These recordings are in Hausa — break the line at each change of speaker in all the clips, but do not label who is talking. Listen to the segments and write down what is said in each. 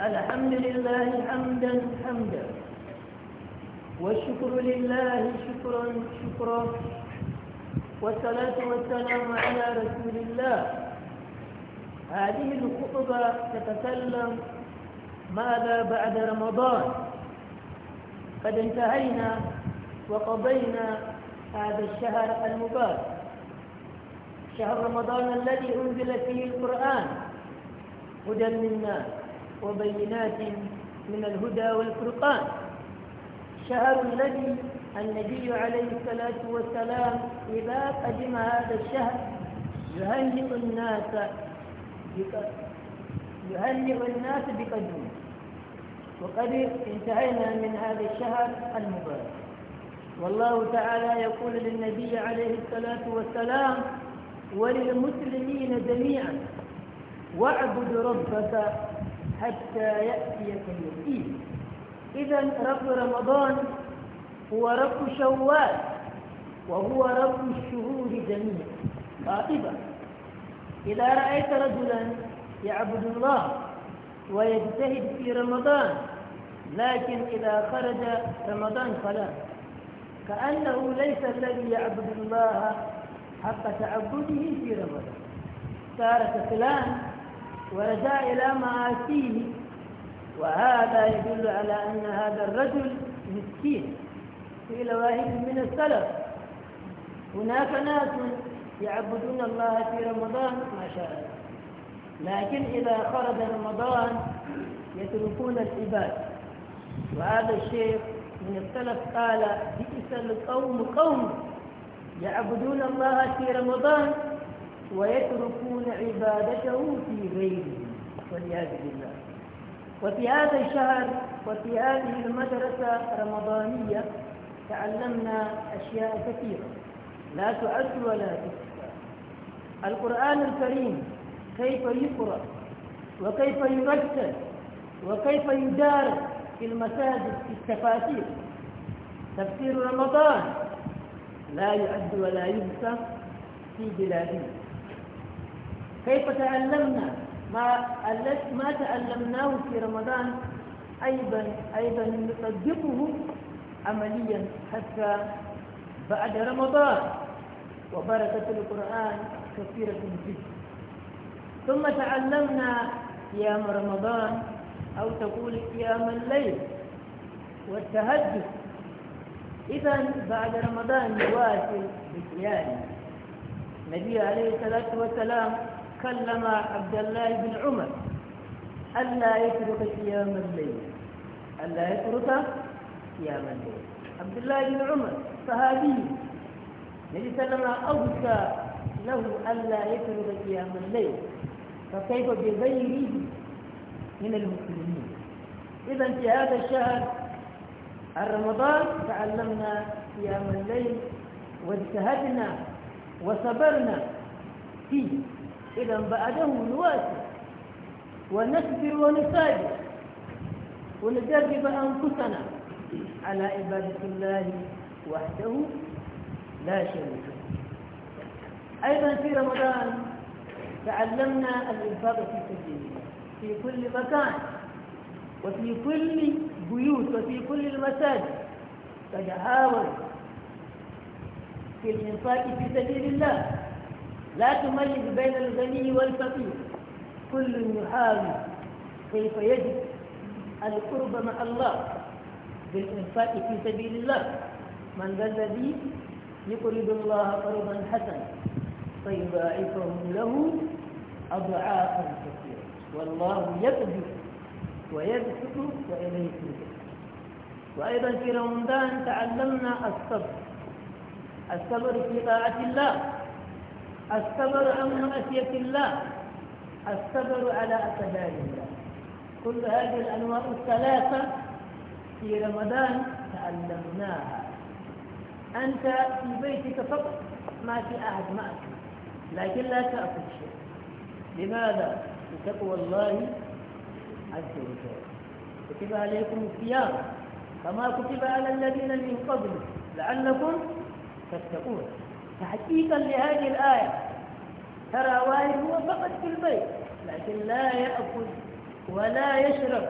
الحمد لله حمدا حمدا والشكر لله شكرا شكرا والصلاة والسلام على رسول الله هذه الخطبة تتكلم ماذا بعد رمضان قد انتهينا وقضينا هذا الشهر المبارك شهر رمضان الذي أنزل فيه القرآن هدى للناس وبينات من الهدى والفرقان الشهر الذي النبي عليه الصلاة والسلام إذا قدم هذا الشهر يهنئ الناس يهنئ الناس بقدمه وقد انتهينا من هذا الشهر المبارك والله تعالى يقول للنبي عليه الصلاة والسلام وللمسلمين جميعا واعبد ربك حتى يأتيك اليقين إذا رب رمضان هو رب شوال وهو رب الشهور جميعا قاطبة إذا رأيت رجلا يعبد الله ويجتهد في رمضان لكن إذا خرج رمضان فلا كأنه ليس الذي يعبد الله حق تعبده في رمضان تارك فلان ورجع إلى ماسيه وهذا يدل على أن هذا الرجل مسكين قيل واحد من السلف هناك ناس يعبدون الله في رمضان ما شاء الله لكن إذا خرج رمضان يتركون العبادة وهذا الشيخ من السلف قال بئس القوم قوم يعبدون الله في رمضان ويتركون عبادته في غيره والعياذ بالله وفي هذا الشهر وفي هذه المدرسة الرمضانية تعلمنا أشياء كثيرة لا تعد ولا تحصى القرآن الكريم كيف يقرأ وكيف يرتل وكيف يدار في المساجد في التفاسير تفسير رمضان لا يعد ولا ينسى في بلادنا كيف تعلمنا ما ما تعلمناه في رمضان أيضا أيضا نطبقه عمليا حتى بعد رمضان وبركة القرآن كثيرة جدا ثم تعلمنا قيام رمضان أو تقول قيام الليل والتهجد إذا بعد رمضان يواصل بالصيام النبي عليه الصلاة والسلام كلم عبد الله بن عمر ألا يترك صيام الليل ألا يترك صيام الليل عبد الله بن عمر صهابي النبي صلى الله عليه وسلم أوصى له ألا يترك صيام الليل فكيف بغيره من المسلمين إذا في هذا الشهر رمضان تعلمنا قيام الليل واجتهدنا وصبرنا فيه إذا بعده نواسي ونكبر ونساجد ونجرب أنفسنا على عبادة الله وحده لا شريك له أيضا في رمضان تعلمنا الإنفاق في سبيل في كل مكان وفي كل البيوت وفي كل المساجد تتعاون في الإنفاق في سبيل الله لا تميز بين الغني والفقير كل يحاول كيف يجد القرب مع الله بالإنفاق في سبيل الله من ذا الذي يقرب الله قربا حسنا فيضاعفه له أضعافا كثيرة والله يقدر ويبسط وإليه ترجع وأيضا في رمضان تعلمنا الصبر الصبر في طاعة الله الصبر عن معصية الله الصبر على أقدار الله كل هذه الأنواع الثلاثة في رمضان تعلمناها أنت في بيتك فقط ما في أحد معك لكن لا تأخذ شيء لماذا؟ لتقوى الله كتب عليكم الصيام كما كتب على الذين من قبل لعلكم تتقون تحقيقا لهذه الآية ترى واحد هو فقط في البيت لكن لا يأكل ولا يشرب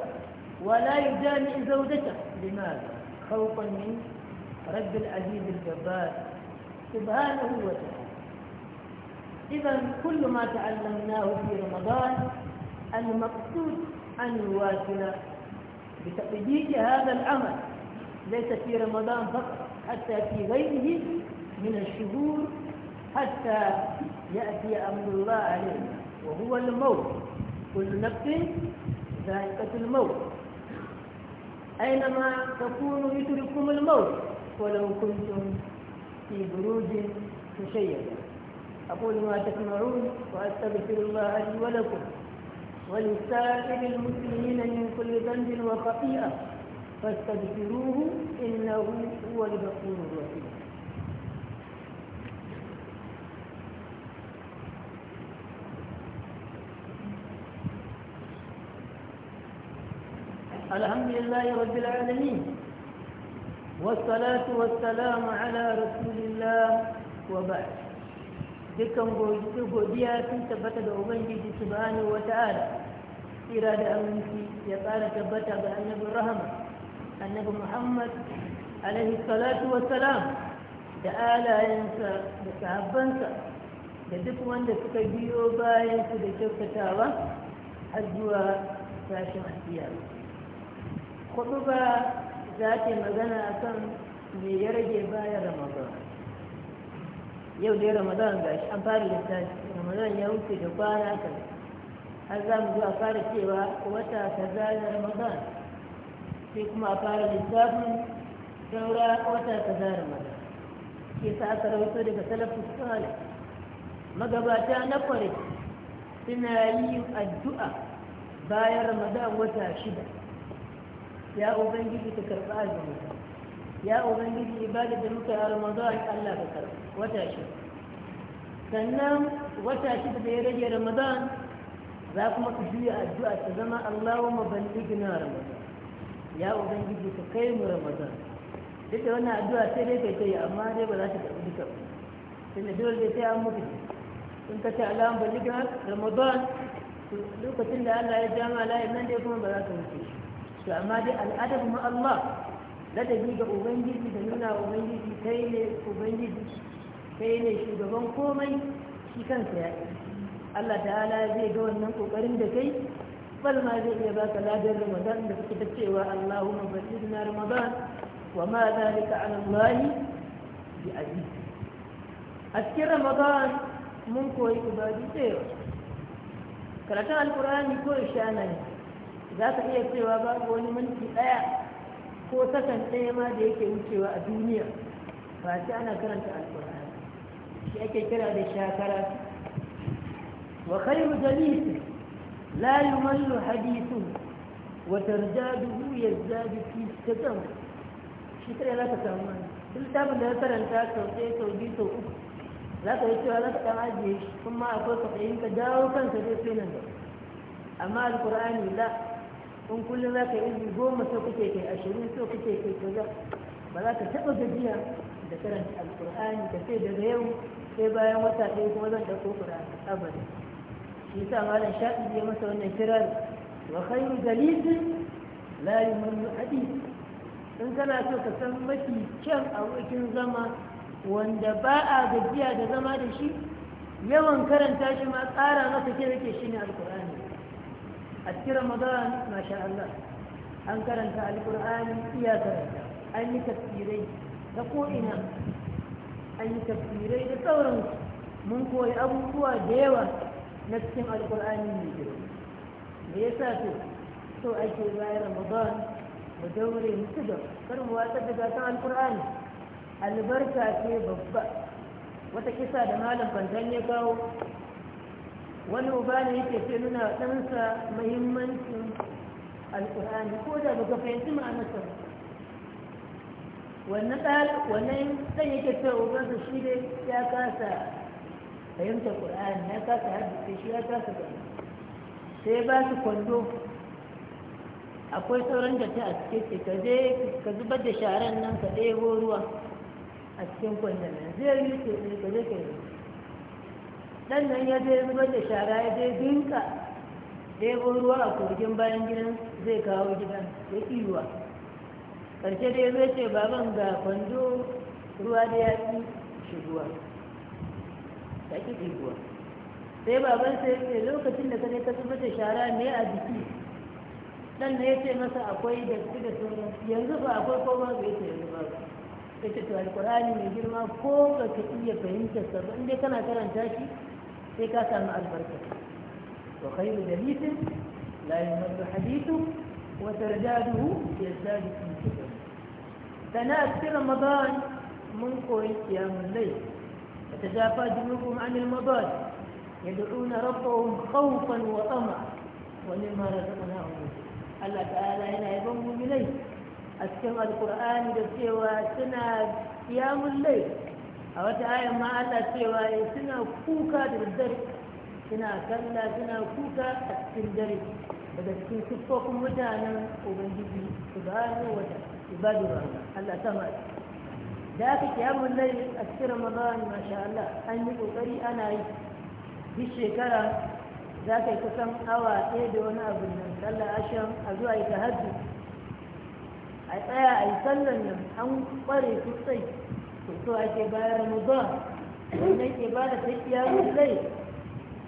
ولا يجامع زوجته لماذا؟ خوفا من رب العزيز الجبار سبحانه وتعالى إذا كل ما تعلمناه في رمضان المقصود أن يواسنا بتقديد هذا الأمر ليس في رمضان فقط حتى في غيره من الشهور حتى يأتي أمر الله علينا وهو الموت كل نفس ذائقة الموت أينما تكونوا يترككم الموت ولو كنتم في بروج مشيدة أقول ما تسمعون وأستغفر الله لي ولكم ولسائر المسلمين من كل ذنب وخطيئة فاستغفروه إنه هو الغفور الرحيم الحمد لله رب العالمين والصلاة والسلام على رسول الله وبعد dukkan godiya sun tabbata da ubangiji subhanahu wata'ala tsira da aminci ya tsara tabbata ga annabin rahama annabi muhammad alaihi salatu da alayensa da sahabbansa da duk wanda suka biyo bayan su da kyautatawa har zuwa sashen asiya kuɗu ba za magana akan me ya rage bayan ramadan yau dai ramadan ga shi an fara lissafi ramadan ya wuce da kwana kan har za mu zo a fara cewa wata ta na ramadan sai kuma a fara lissafin saura wata ta zara ramadan ke sa aka rawaito daga salafin sale magabata na kware suna yi addu'a bayan ramadan wata shida ya ubangiji ta karɓa azumi ya ubangiji ibadar da muka a ramadan allah ka karɓa wata shida sannan wata shida da ya rage ramadan za kuma ka juya addu'a ta zama allahumma ballighna ramadan ya ubangiji ka kai mu ramadan duk da wannan addu'a sai dai kai kai amma dai ba za ta karɓi duka ba tunda dole dai sai an mutu in ka ce allahumma ballighna ramadan lokacin da allah ya jama layin nan dai kuma ba za ka wuce shi to amma dai al'adab ma allah ladabi ga ubangiji da nuna ubangiji kai ne ubangiji kai ne shugaban komai shi kansa ya Allah ta'ala zai ga wannan kokarin da kai bal ma zai iya baka ladar ramadan da suke ta cewa Allahumma basidna ramadan wa ma zalika ala Allah bi aziz a cikin ramadan mun koyi ibadi tsayawa karatun alkurani ko shana ne za ka iya cewa babu wani minti daya ko sakan ɗaya ma da yake wucewa a duniya ba sai ana karanta alƙur'ani shi ake kira da shakara wa khairu jalisi la yumallu hadithu wa tarjaduhu yazdadu fi tadam shi kare za ka samu duk littafin da ya karanta sau ɗaya sau biyu sau uku za ka yi cewa za ka ɗan ajiye shi kuma akwai kwaɗayin ka dawo kanka zai sai nan da amma alƙur'ani la in kullum za ka yi goma so kuke kai ashirin so kuke kai kaza ba za ka taɓa gajiya da karanta alƙur'ani da sai daga yau sai bayan wata ɗaya kuma zan ɗauko ƙur'ani abada shi yasa malam shafi ya masa wannan kirar wa khayru dalisin la yumannu hadith in kana so ka san mafi kyan abokin zama wanda ba a gajiya da zama da shi yawan karanta shi ma tsara masa ke shi ne alƙur'ani a cikin ramadan masha Allah an karanta alkur'ani iya an yi tafsirai da ko'ina an yi tafsirai da sauran mun koyi abubuwa da yawa na cikin alkur'ani mai girma me yasa to so ake bayan ramadan mu daure mutu da gaba kar mu watsar da gasan alkur'ani albarka ce babba wata kisa da malam bantan ya kawo wani uba ne yake ce nuna ɗansa mahimmancin alƙur'ani ko da baka fahimci ma'anarsa wannan ɗan wannan ɗan yake ce ubansa shi ne ya kasa fahimta ƙur'ani ya kasa haddace shi ya kasa gani sai ba su kwando akwai sauran da ta a cikin ka je ka zubar da sharan nan ka ɗaya ruwa a cikin kwandon nan zai yi ke eh, ka je ka yi dan nan ya je zubar da shara ya je dinka ɗebo ruwa a kogin bayan gidan zai kawo gidan ya iwa ƙarshe da ya zai ce baban ga kwando ruwa da ya fi shiguwa ta ki shiguwa sai baban sai ya ce lokacin da ka je ka zubar da shara ne a jiki dan ne ya ce masa akwai da su da sauran yanzu ba akwai koma zai ce yanzu ba ya ce to alkurani mai girma ko ba ka iya fahimtar sa ba inda kana karanta shi ايه كاسة البركة وخير جليس لا يمر حديثه وترجاده يزداد في شكره تنال في رمضان من قوي قيام الليل وتجافى جنوبهم عن المضاد يدعون ربهم خوفا وطمعا ولما رزقناهم الله تعالى هنا يضم اليه اسكن القران يدسيه واسنا قيام الليل a wata ayan ma Allah cewa ya suna kuka da dare suna kalla suna kuka a cikin dare daga cikin siffofin mutanen ubangiji su ba gano wata ibadu ba Allah sama da aka kiyamun lai a cikin ramadan masha Allah an yi kokari ana yi duk shekara za ka yi kusan awa ɗaya da wani abu nan sallar ashirin a zuwa yi ta hajji a tsaya a yi sallar nan an ƙware sosai so ake bayar ramadan wannan ke ba da sai ya wuce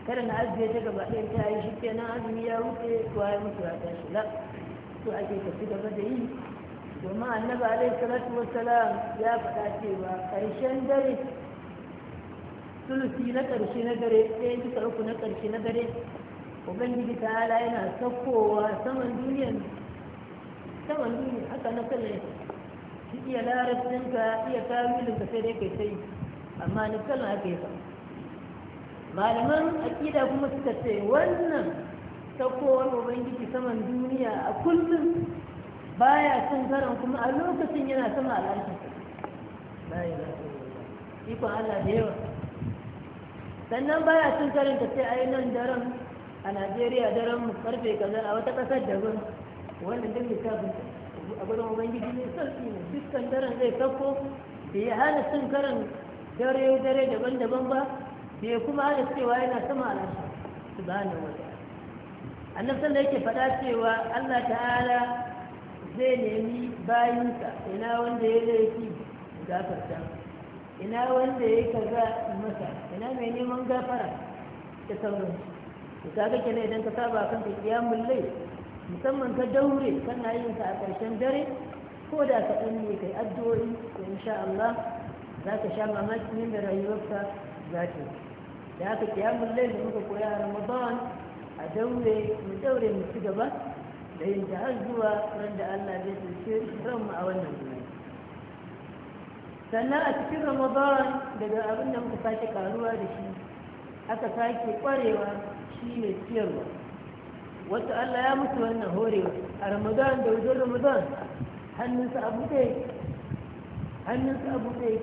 kada na ajiye ta gaba ɗaya ta yi shi nan azumi ya wuce ko ya mutu ya tashi la so ake tafi gaba da yi domin annabi alaihi salatu wassalam ya faɗa cewa ƙarshen dare sulusi na ƙarshe na dare ɗaya bisa uku na ƙarshe na dare ubangiji ta ala yana saukowa saman duniya saman duniya haka na kallon shi iya larabcinka iya tawilinka sai dai kai sai amma ni kallon haka yasa malaman akida kuma suka ce wannan saukowar ubangiji saman duniya a kullum baya cin karan kuma a lokacin yana sama al'ashi ikon allah da yawa sannan baya cin karin ta ce ainihin nan daren a najeriya daren mu karfe kazan a wata kasar daban wannan duk lissafin shi a gurin ubangiji ne sauki ne dukkan daren zai sauko da ya hana cin karan dare dare daban-daban ba da ya kuma hana cewa yana sama su subhanahu wa ta'ala annabi sallallahu yake faɗa cewa Allah ta'ala zai nemi bayinsa ina wanda ya laifi gafarta ina wanda ya kaza masa ina mai neman gafara da sauransu to kaga kenan idan ka saba kan kiyamul layl musamman ka daure kana yin ka a ƙarshen dare ko da ka ɗan kai addu'o'i to insha Allah za ka sha mamakin yadda rayuwarka za ta yi da haka kiyamun lai da muka koya a Ramadan a daure mu daure mu ci gaba da yin ta har zuwa ran da Allah zai ran mu a wannan duniya sannan a cikin Ramadan daga abin da muka sake karuwa da shi aka sake kwarewa shi ne ciyarwa wasu Allah ya mutu wannan horewa a ramadan da wajen ramadan hannunsa abu ɗaya hannunsa abu ɗaya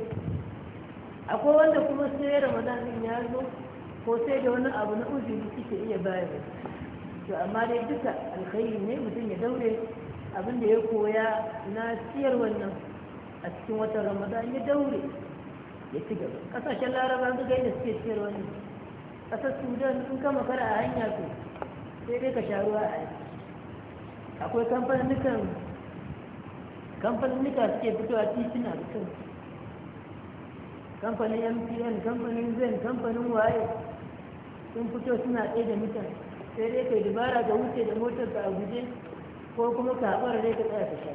akwai wanda kuma sai ramadan ɗin ya zo ko sai da wani abu na da suke iya bayarwa to amma dai duka alkhairi ne mutum ya daure abin da ya koya na siyar wannan a cikin watan ramadan ya daure ya ci gaba kasashen laraba ga da suke siyar wannan Ƙasar sudan sun kama kara a hanya to sai dai ka sha ruwa a yi akwai kamfanin kamfaninnika suke fitowa titina da kan kamfanin mtn kamfanin zen kamfanin waye sun fito suna ɗaya da mutane sai dai yi dabara ga wuce da motar ka a guje ko kuma ka haɓar dai ka tsaya ka sha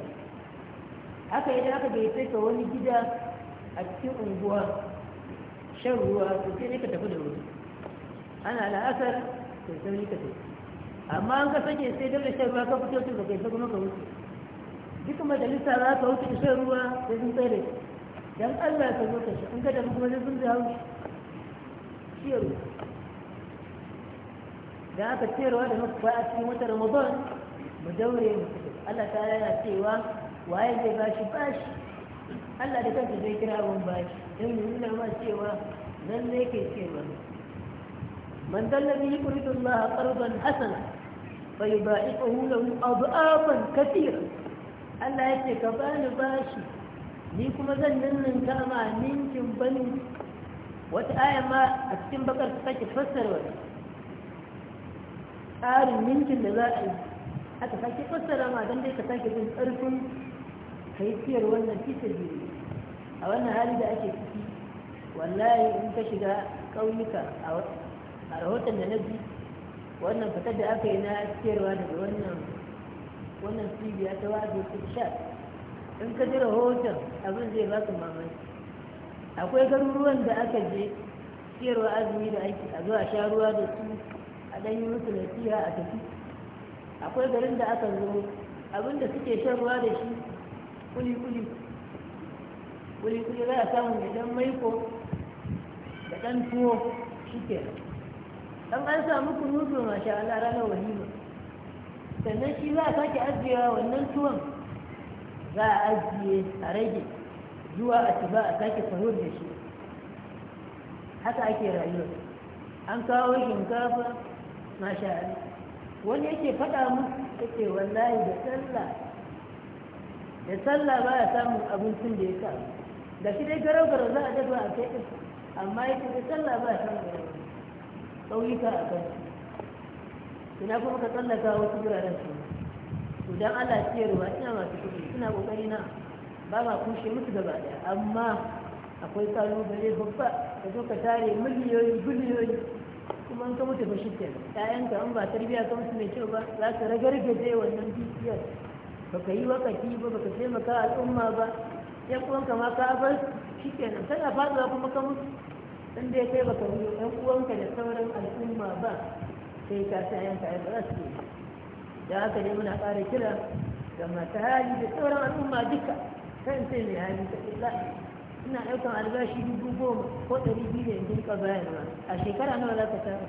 haka idan aka sai ka wani gida a cikin unguwa shan ruwa to sai dai ka tafi da wuri ana la'asar to sauri ka tafi amma an ka sake sai dole shan ruwa ka fito su ka kai kuma ka wuce duka majalisa za ka wuce shan ruwa sai sun tsere dan Allah ka zo ka shi an ka kuma sai sun zawo shi ya da aka cewa da mafi ba a cikin wata ramadan mu daure mu Allah ta yana cewa waye zai bashi bashi Allah da kanta zai kira abin bashi dan mu nuna ma cewa nan ne ke cewa man الذي يقرض الله قرضا حسنا فيضاعفه له أضعافا كثيرا الله يتكفان باشي ليكم ذنن من كما منكم بني وتآية ما أكتم بكر تفكر فسر ولا آر منكم لذائي أتفكر فسر ما دندي كتاكي بن أركم كيفير وانا في سبيل أو أن هذه دا أكي والله إن تشغى قولك أو أرهوتا لنبي wannan fitar da aka yi na ciyarwa daga wannan wannan cibiya ta su sha in ka ji rahoton abin zai ba su mamaki akwai garuruwan da aka je ciyarwa azumi da aiki a zuwa sha ruwa da su a ɗan yi musu siya a tafi akwai garin da aka zo abin da suke shan ruwa da shi kuli kuli kuli kuli za a samu idan maiko da ɗan tuwo shi kenan an an samu ma sha Allah ranar walima sannan shi za a sake ajiyewa wannan tuwon za a ajiye a rage zuwa a ci ba a sake sahur da shi haka ake rayuwa an kawo shinkafa sha Allah wani yake faɗa mu yake wallahi da sallah da sallah ba ya samun abincin da ya samu da shi dai garau garau za a dafa a kai amma yake da sallah ba ya samun ƙauyuka a kan ina kuma ka tsallaka wasu wuraren su to dan Allah ciyarwa ina masu kudi suna ƙoƙari na ba ma kushe musu gaba ɗaya amma akwai kalubale babba ka zo ka tare miliyoyi biliyoyi kuma an ka mutu fa shi ƴaƴanka an ba tarbiyya ka musu mai kyau ba za ka ragargaje wannan dukiyar baka yi wakati ba baka taimaka al'umma ba yan uwanka ma ka bar shi kenan kana faɗuwa kuma ka mutu in dai kai baka yi ɗan uwanka da sauran al'umma ba sai ka sa yanka ya ba su da haka ne muna ƙara kira ga mata hali da sauran al'umma duka kan sai mai hali ta illa ina ɗaukan albashi dubu goma ko ɗari biyu da yanzu ka bayan a shekara nawa za ka tara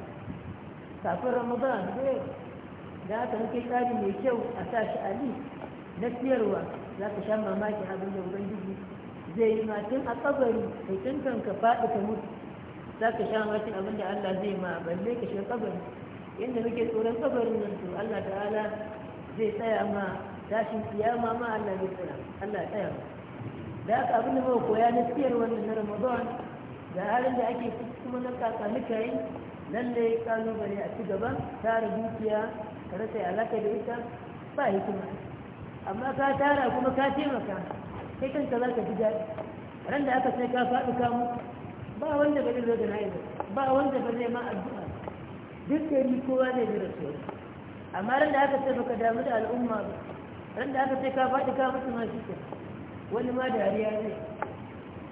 kafin ramadan zai eh. da haka muke kai tsari mai kyau a sa shi ali na siyarwa za ka sha mamakin abin da ubangiji zai yi matin a kabari kai tun kan ka faɗi ka mutu za ka sha makin abin da Allah zai ma balle ka shiga kabari inda muke tsoron kabarin nan to Allah ta'ala zai tsaya ma tashin kiyama ma Allah zai tsaya Allah tsaya ma da aka abin da muka koya na siyar wannan na Ramadan da halin da ake kuma na kakanni yi lallai kalubale a ci gaba tara dukiya ka rasa alaka da ita ba hikima amma ka tara kuma ka taimaka kai kanka za ka ji daɗi ran da aka sai ka faɗi kamu. ba wanda ba zai zo da na'iza ba wanda ba zai ma addu'a duk da ni kowa zai ji rasuwa amma ran da aka ce baka damu da al'umma ba ran da aka ce ka faɗi ka mutu ma shi wani ma dariya zai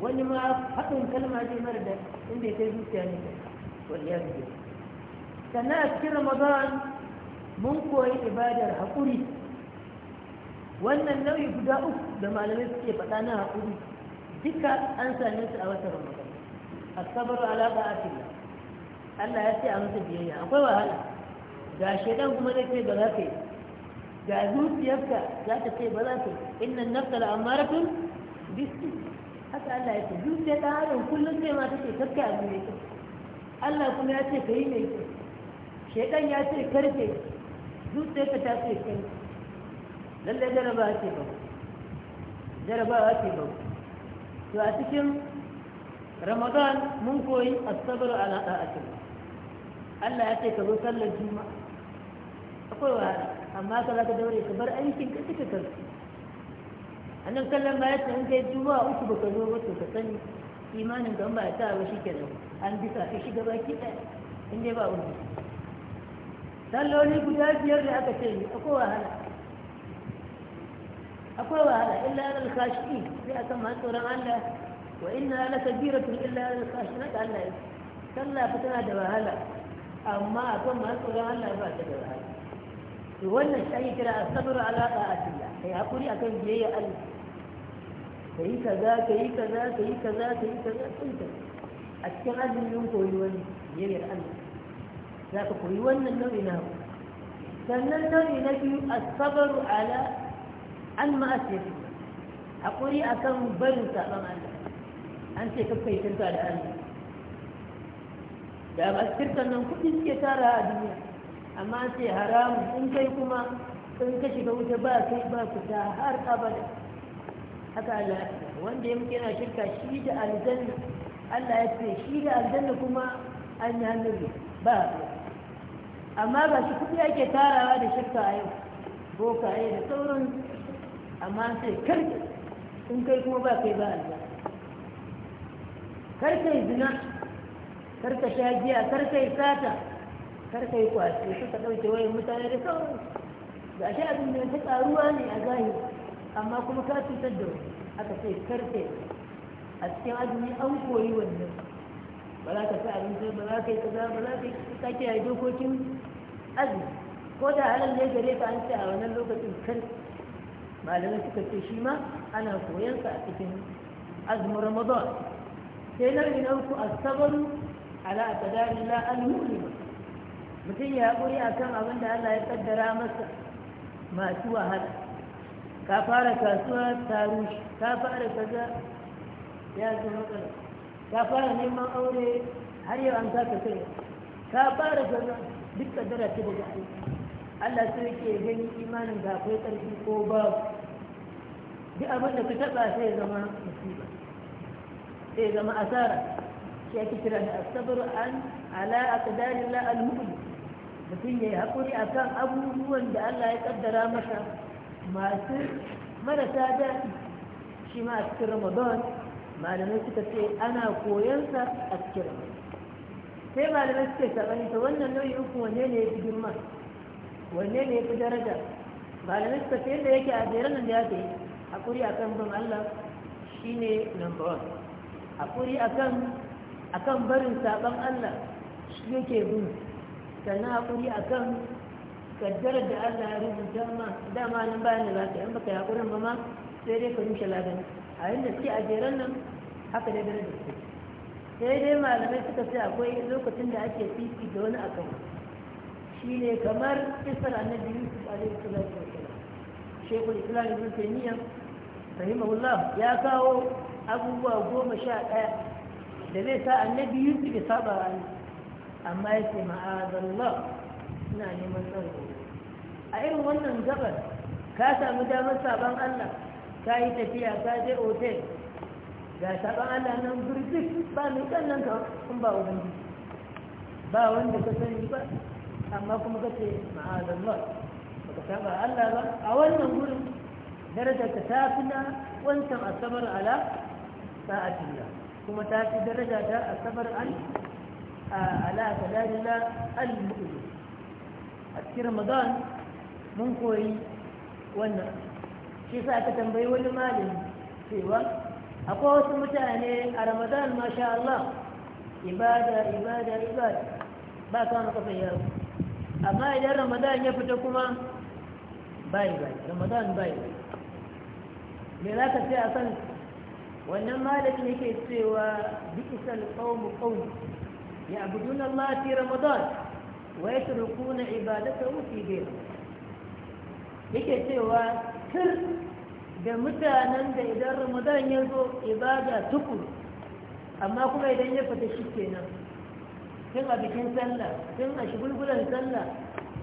wani ma haɗin kalma zai mara da inda ya kai zuciya ne wani ya zuciya sannan a cikin ramadan mun koyi ibadar haƙuri wannan nau'i guda uku da malamai suke faɗa na haƙuri duka an same su a watan ramadan asabar ala ba'atin Allah ya ce a masa biyayya akwai wahala ga shaidan kuma zai ce ba za ka yi ga zuciyarka za ta ce ba za ka yi inna nafsa la amaratun bisu haka Allah ya ce zuciyar ta harin kullum sai ma take karka abu mai kyau Allah kuma ya ce ka yi mai kyau shaidan ya ce karfe zuciyarka ta ce karfe lallai jarabawa ce ba jarabawa ce ba to a cikin رمضان منكوي الصبر على طاعته الله يعطيك الوصال للجمعة أقول هذا أما صلاك دوري كبر أي شيء كنت كتر أنا أقول لما يسمع أنت الجمعة أتبك الوصال وتبتن إيمان أنت أما أتاع وشي كده أن بسا في شي دبا كده إن دبا أمي صلوا لي قداد يرجع كتير أقول هذا أقول هذا إلا أنا الخاشقين لأتمنى رمضان wa inna la kabiratun illa ala khashin da Allah yake sallah fa tana da wahala amma akan ma tsoron Allah ba ta da wahala to wannan shi ake kira as-sabr ala kai hakuri akan biyayya Allah kai kaza kai kaza kai kaza kai kaza kai kaza a cikin azumin koyi wani biyayyar Allah za ka koyi wannan nau'i na sannan nau'i na biyu ala hakuri akan barin saban Allah an ce kakkai shirka da hannu da ba shirka nan kudi suke tara a duniya amma an ce haramun in kai kuma in ka shiga wuta ba kai ba fita har abada haka Allah wanda ya muke yana shirka shi da aljanna Allah ya ce shi da aljanna kuma an yi hannun ba amma ba shi kudi ake tarawa da shirka a yau boka bokaye da sauran amma sai karki in kai kuma ba kai ba aljanna karka yi zina karka sha giya karka yi sata karka yi su suka ɗauke wayan mutane da sauran ga shi abin da ta ƙaruwa ne a zahiri amma kuma ka cutar da wani aka ce karka a cikin azumi an koyi wannan ba za ka sa abinci ba za ka yi kaza ba za ka yi ka kiyaye dokokin azumi ko da halin ne gare ka an ce a wannan lokacin kan malamai suka ce shi ma ana koyansa a cikin azumin ramadan sai nau'i na a sabaru ala qadari la al ba mutum ya haƙuri akan abin da Allah ya kaddara masa masu wahala ka fara kasuwa ta rushe ka fara kaza ya zo matsala ka fara neman aure har yau an ka kai ka fara kaza duk kaddara ce daga aiki Allah sai yake gani imanin da akwai ƙarfi ko babu duk abin da ka taɓa sai zama musiba sai zama asara shi ake kira da asabar an ala kadari la al-mu'min mutum haƙuri hakuri kan abubuwan da Allah ya kaddara masa masu marasa daɗi shi ma a cikin ramadan malamai suka ce ana sa a cikin ramadan sai malamai suke saɓani ta wannan nau'i uku wanne ne ya fi girma wanne ne ya fi daraja malamai suka ce yadda yake a jeren nan da ya ke hakuri kan bin Allah shine number one haƙuri akan akan barin saɓon Allah shi yake bin sannan haƙuri akan kaddarar da Allah ya rubuta ma dama nan bayan da za ka yan baka haƙurin ba ma sai dai ka rushe ladan a yadda suke a jeren nan haka dai gare da su sai dai malamai suka ce akwai lokacin da ake fifi da wani akan shi ne kamar kisar annabi yusuf alaihi salatu wasalam shekul islam ibn taymiyyah rahimahullah ya kawo abubuwa goma sha ɗaya da zai sa annabi yusuf da saba rani amma ya ce ma'azallah suna neman tsaro a irin wannan gabar ka samu damar sabon allah ka yi tafiya ka je otel ga sabon allah nan birjik ba mai kallon ka kun ba ubangiji ba wanda ka sani ba amma kuma ka ce ma'azallah ba ka saba allah ba a wannan wurin darajar ta tafi na wancan asabar ala sa'atillah kuma ta fi daraja ta a sabar an ala kadarila al-mu'min a cikin ramadan mun koyi wannan shi sa aka tambayi wani malami cewa akwai wasu mutane a ramadan masha Allah ibada ibada ibada ba ka maka fayyar amma idan ramadan ya fita kuma bai bai ramadan bai bai me za ka ce a san wannan malamin yake cewa bi'isal qawmu qawm ya'buduna Allah fi ramadan wa yatrukuna ibadatahu fi ghayr yake cewa kir da mutanen da idan ramadan ya zo ibada tuku amma kuma idan ya fita shi kenan tun a bikin sallah tun a shigulgulan sallah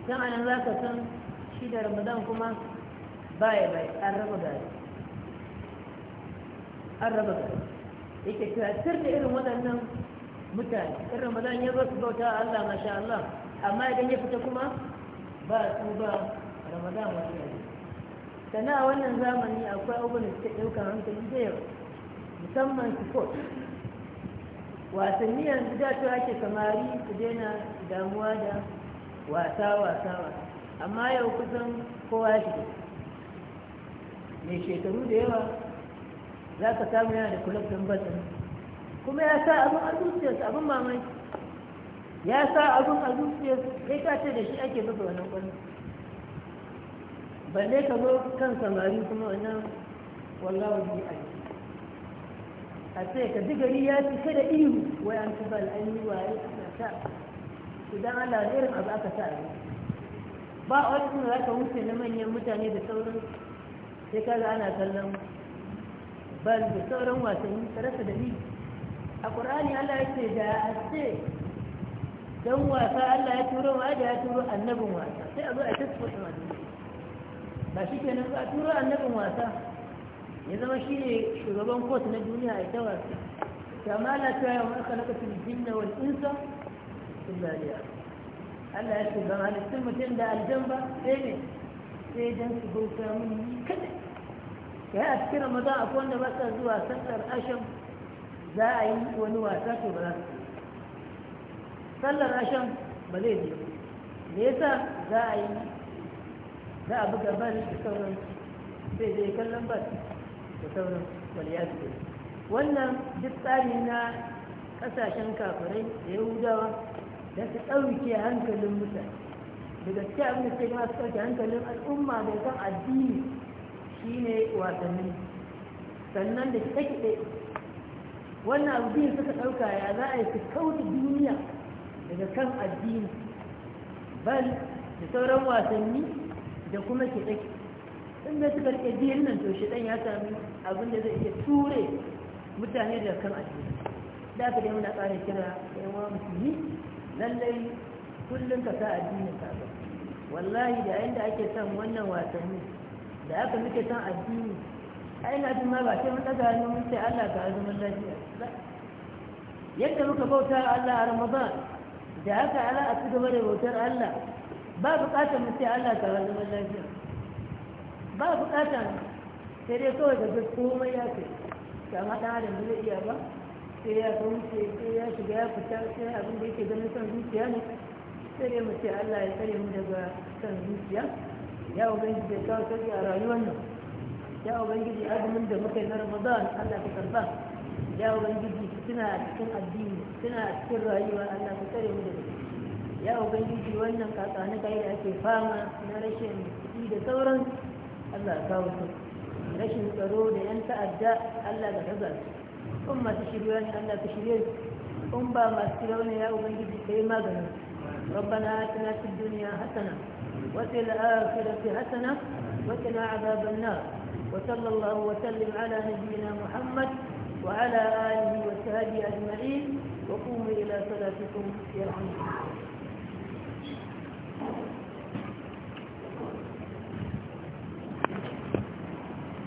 tun anan za san shi da ramadan kuma baya bai an raba gari an raba gari yake tatar da irin waɗannan mutane irin mazan ya zo su bauta Allah masha Allah amma idan ya fita kuma ba su ba ramadan wani yanzu sana a wannan zamani akwai abubuwan da suke ɗaukar hankali da yau musamman sport wasanni yanzu da to ake samari su daina damuwa da wasa wasa amma yau kusan kowa shi mai shekaru da yawa za ka samu yana da kulab ɗin batsa kuma ya sa abin a zuciyarsa abin mamaki ya sa abin a zuciyarsa kai ka ce da shi ake buga wannan kwallo balle ka zo kan samari kuma wannan wallawa ji a yi a ce ka ji gari ya ci kada ihu wai an tuba al'ayi waye na sa idan allah ne irin abu aka sa a yi ba wani suna za ka wuce na manyan mutane da sauran sai kaga ana kallon bal da sauran wasanni ka rasa dalili a ƙur'ani Allah ya ce da a ce don wasa Allah ya turo wa da ya turo annabin wasa sai a zo a tattafa wasu wasa ba shi ke nan ba turo annabin wasa ya zama shi ne shugaban kotu na duniya a ita wasa ta mala ta yawan aka naka filifin na wani insa zariya Allah ya ce ban halittun mutum da aljan ba sai ne sai don su bauta mun yi kadai ya a cikin ramadan akwai wanda ba sa zuwa sallar asham za a yi wani wasa to ba za su sallar asham ba zai je me yasa za a yi za a buga ba da sauran sai zai kallon ba da sauran waliyar wannan duk tsari na kasashen kafirai da yahudawa da su ɗauke hankalin mutane daga cikin abin da ke ma su ɗauke hankalin al'umma da kan addini shi ne wasanni sannan da kiɗe-kiɗe wannan abu biyun suka ɗauka ya za a yi su kauta duniya daga kan addini bal da sauran wasanni da kuma kiɗe In inda suka rike biyun nan to shiɗan ya sami abin da zai iya ture mutane daga kan addini da aka dai muna ƙara kira da yawan musulmi lallai kullum ka sa addinin ka wallahi da yadda ake son wannan wasanni da haka muke san addini a ina jin ma ba ce mun ɗaga hannu mun ce Allah ka azumin lafiya yadda muka bauta Allah a Ramadan da haka ala a ci gaba da bautar Allah ba bukatar mu ce Allah ka azumin lafiya ba buƙatar sai dai kawai da komai ya ce. kama ɗan da zai iya ba sai ya ce sai ya shiga ya fita sai abin da yake ganin son zuciya ne sai dai mu ce Allah ya tsare mu daga san zuciya ya ubangi bai kawo sauki a rayuwar nan ya da azumin da muka yi na ramadan allah ka karba ya ubangiji suna a cikin addini suna a cikin rayuwa allah ka tsare mu da su. ya ubangiji wannan na kai da ake fama na rashin kuɗi da sauran allah ka kawo su rashin tsaro da yan ta'adda allah ka kaza su in masu shirya ne allah ka shirya su in ba masu shirya ne ya ubangiji ka yi maganin ربنا اتنا في الدنيا حسنه وفي الآخرة حسنة وقنا عذاب النار وصلى الله وسلم على نبينا محمد وعلى آله وصحبه أجمعين وقوموا إلى صلاتكم يرحمكم